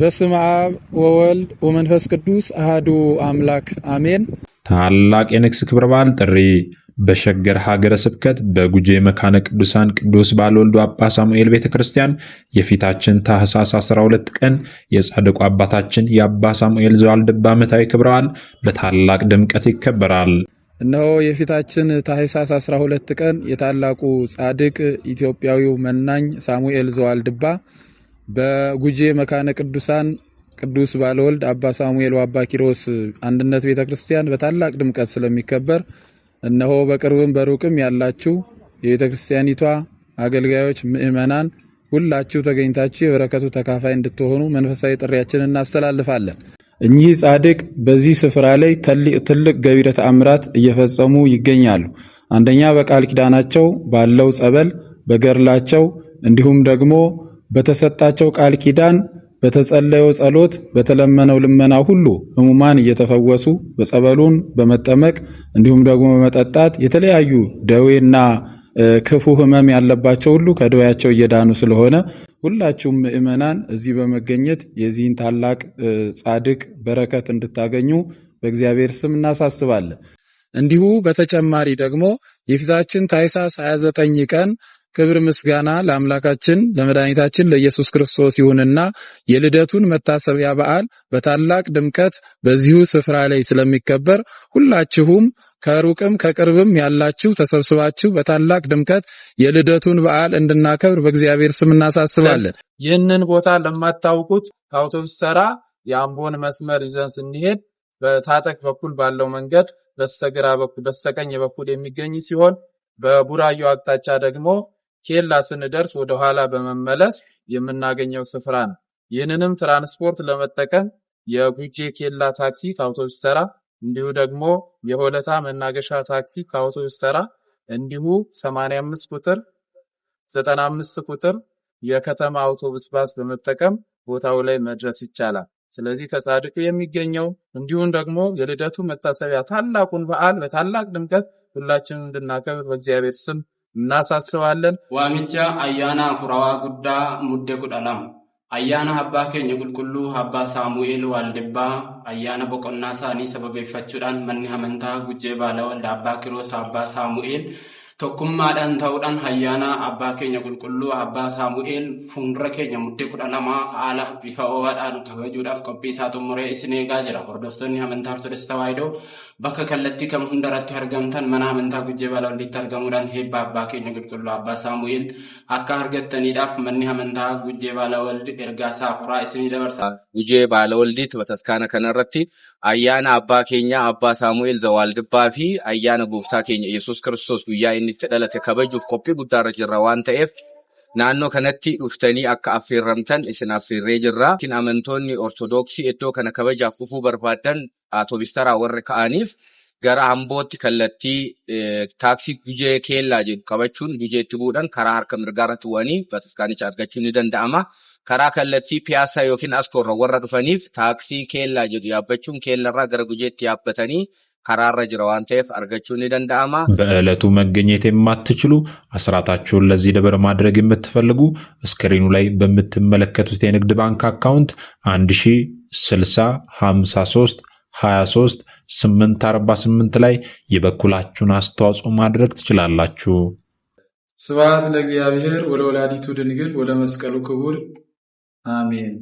በስም አብ ወወልድ ወመንፈስ ቅዱስ አህዱ አምላክ አሜን። ታላቅ የንግስ ክብረ በዓል ጥሪ በሸገር ሀገረ ስብከት በጉጄ መካነ ቅዱሳን ቅዱስ ባለወልዱ አባ ሳሙኤል ቤተ ክርስቲያን የፊታችን ታህሳስ 12 ቀን የጻድቁ አባታችን የአባ ሳሙኤል ዘዋልድባ ዓመታዊ ክብረ በዓል በታላቅ ድምቀት ይከበራል። እነሆ የፊታችን ታህሳስ 12 ቀን የታላቁ ጻድቅ ኢትዮጵያዊው መናኝ ሳሙኤል ዘዋልድባ በጉጄ መካነ ቅዱሳን ቅዱስ ባለወልድ አባ ሳሙኤል ወአባ ኪሮስ አንድነት ቤተ ክርስቲያን በታላቅ ድምቀት ስለሚከበር እነሆ በቅርብም በሩቅም ያላችሁ የቤተ ክርስቲያኒቷ አገልጋዮች፣ ምእመናን ሁላችሁ ተገኝታችሁ የበረከቱ ተካፋይ እንድትሆኑ መንፈሳዊ ጥሪያችንን እናስተላልፋለን። እኚህ ጻድቅ በዚህ ስፍራ ላይ ትልቅ ገቢረ ተአምራት እየፈጸሙ ይገኛሉ። አንደኛ በቃል ኪዳናቸው ባለው ጸበል፣ በገድላቸው እንዲሁም ደግሞ በተሰጣቸው ቃል ኪዳን በተጸለየው ጸሎት በተለመነው ልመና ሁሉ ሕሙማን እየተፈወሱ በጸበሉን በመጠመቅ እንዲሁም ደግሞ በመጠጣት የተለያዩ ደዌና ክፉ ሕመም ያለባቸው ሁሉ ከደዌያቸው እየዳኑ ስለሆነ ሁላችሁም ምእመናን እዚህ በመገኘት የዚህን ታላቅ ጻድቅ በረከት እንድታገኙ በእግዚአብሔር ስም እናሳስባለን። እንዲሁ በተጨማሪ ደግሞ የፊታችን ታኅሳስ 29 ቀን ክብር ምስጋና ለአምላካችን ለመድኃኒታችን ለኢየሱስ ክርስቶስ ይሁንና የልደቱን መታሰቢያ በዓል በታላቅ ድምቀት በዚሁ ስፍራ ላይ ስለሚከበር ሁላችሁም ከሩቅም ከቅርብም ያላችሁ ተሰብስባችሁ በታላቅ ድምቀት የልደቱን በዓል እንድናከብር በእግዚአብሔር ስም እናሳስባለን። ይህንን ቦታ ለማታውቁት ከአውቶቡስ ተራ የአምቦን መስመር ይዘን ስንሄድ በታጠቅ በኩል ባለው መንገድ በስተግራ በኩል በስተቀኝ በኩል የሚገኝ ሲሆን በቡራዩ አቅጣጫ ደግሞ ኬላ ስንደርስ ወደ ኋላ በመመለስ የምናገኘው ስፍራ ነው። ይህንንም ትራንስፖርት ለመጠቀም የጉጄ ኬላ ታክሲ ከአውቶቡስ ተራ እንዲሁ ደግሞ የሆለታ መናገሻ ታክሲ ከአውቶቡስ ተራ እንዲሁ 85 ቁጥር 95 ቁጥር የከተማ አውቶቡስ ባስ በመጠቀም ቦታው ላይ መድረስ ይቻላል። ስለዚህ ከጻድቁ የሚገኘው እንዲሁም ደግሞ የልደቱ መታሰቢያ ታላቁን በዓል በታላቅ ድምቀት ሁላችንም እንድናከብር በእግዚአብሔር ስም እናሳስባለን። ዋሚቻ አያና ሁራዋ ጉዳ ሙደ ኩዳላም አያነ አባ ኬኝ ቁልቁሉ አባ ሳሙኤል ዋልድባ አያነ ቦቆና ሳኒ ሰበቤፈቹዳን መኒ ሀመንታ ጉጄ ባለወልድ አባ ኪሮስ አባ ሳሙኤል tokkummaadhaan ta'uudhaan hayyaana abbaa keenya qulqulluu abbaa saamu'eel fuundura keenya muddee kudha lamaa haala bifa ho'aadhaan kabajuudhaaf qophii isaa xumuree isin eegaa jira. Hordoftoonni amantaa Ortodoksii tawaayidoo bakka kallattii kam hundarratti argamtan mana amantaa Gujee Balawalliitti argamuudhaan heebba abbaa keenya qulqulluu abbaa saamu'eel akka argattaniidhaaf manni amantaa Gujee Balawalli ergaa isaa afuraa isinii dabarsa. Gujee Balawalliitti bataskaana kanarratti ayyaana abbaa keenyaa abbaa saamu'eel Zawaaldibbaa fi ayyaana gooftaa keenya Yesuus Kiristoos guyyaa inni. inni dhalate kabajuuf qophii guddaarra jirra naannoo kanatti dhuftanii akka isin affeerree jirra. Amantoonni ortodoksii iddoo kana kabajaaf dhufuu barbaadan aatoobistara warra ka'aniif gara hambootti kallattii e, taaksii gujee keellaa jedhu qabachuun gujeetti karaa harka bataskaanicha ni danda'ama. karaa kallattii piyaasaa yookiin warra dhufaniif taaksii keellaa yaabbachuun keellarraa gara gujeetti yaabbatanii ከራረ ጅረ ዋን ቴፍ አርገችሁ በዕለቱ መገኘት የማትችሉ አስራታችሁን ለዚህ ደብር ማድረግ የምትፈልጉ እስክሪኑ ላይ በምትመለከቱት የንግድ ባንክ አካውንት 106053 23 848 ላይ የበኩላችሁን አስተዋጽኦ ማድረግ ትችላላችሁ። ስብሐት ለእግዚአብሔር ወለወላዲቱ ድንግል ወለመስቀሉ ክቡር አሜን።